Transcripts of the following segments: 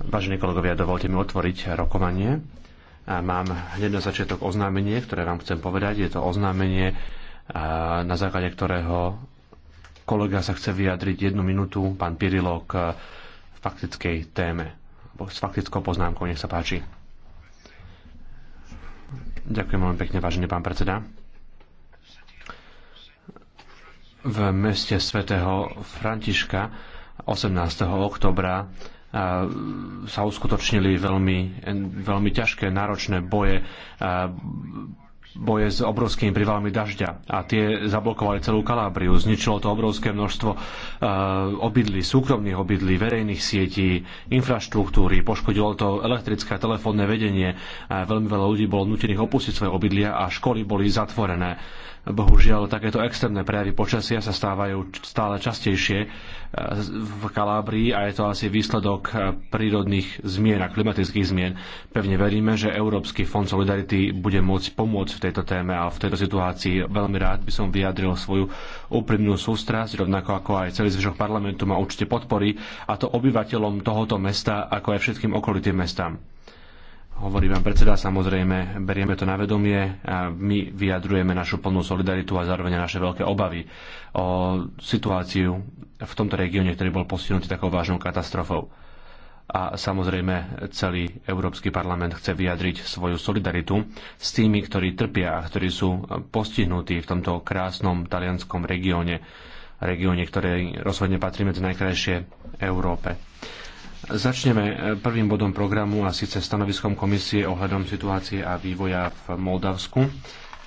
Vážení kolegovia, dovolte mi otvoriť rokovanie. A mám hneď na začiatok oznámenie, ktoré vám chcem povedať. Je to oznámenie, na základe ktorého kolega sa chce vyjadriť jednu minútu, pán Pirilo, k faktickej téme. S faktickou poznámkou, nech sa páči. Ďakujem veľmi pekne, vážený pán predseda v meste svätého Františka 18. oktobra sa uskutočnili veľmi, veľmi ťažké, náročné boje boje s obrovskými privalmi dažďa a tie zablokovali celú Kalábriu. Zničilo to obrovské množstvo eh, obydlí, súkromných obydlí, verejných sietí, infraštruktúry, poškodilo to elektrické a telefónne vedenie. Veľmi veľa ľudí bolo nutených opustiť svoje obydlia a školy boli zatvorené. Bohužiaľ, takéto extrémne prejavy počasia sa stávajú stále častejšie eh, v Kalábrii a je to asi výsledok eh, prírodných zmien a klimatických zmien. Pevne veríme, že Európsky fond Solidarity bude môcť pomôcť v tejto téme a v tejto situácii. Veľmi rád by som vyjadril svoju úprimnú sústrasť, rovnako ako aj celý zvyšok parlamentu ma určite podporí, a to obyvateľom tohoto mesta, ako aj všetkým okolitým mestám. Hovorí vám predseda, samozrejme, berieme to na vedomie a my vyjadrujeme našu plnú solidaritu a zároveň naše veľké obavy o situáciu v tomto regióne, ktorý bol postihnutý takou vážnou katastrofou a samozrejme celý Európsky parlament chce vyjadriť svoju solidaritu s tými, ktorí trpia a ktorí sú postihnutí v tomto krásnom talianskom regióne, regióne, ktoré rozhodne patrí medzi najkrajšie Európe. Začneme prvým bodom programu a síce stanoviskom komisie ohľadom situácie a vývoja v Moldavsku.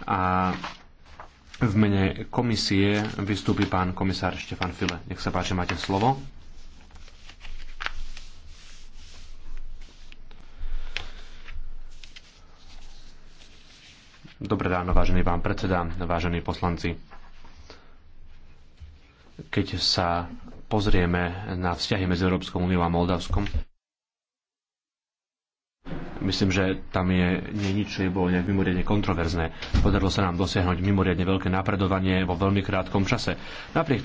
A v mene komisie vystúpi pán komisár Štefan File. Nech sa páči, máte slovo. Dobré ráno, vážený pán predseda, vážení poslanci. Keď sa pozrieme na vzťahy medzi Európskou úniou a Moldavskom, Myslím, že tam je nie nič, čo je bolo nejak mimoriadne kontroverzné. Podarilo sa nám dosiahnuť mimoriadne veľké napredovanie vo veľmi krátkom čase. Napriek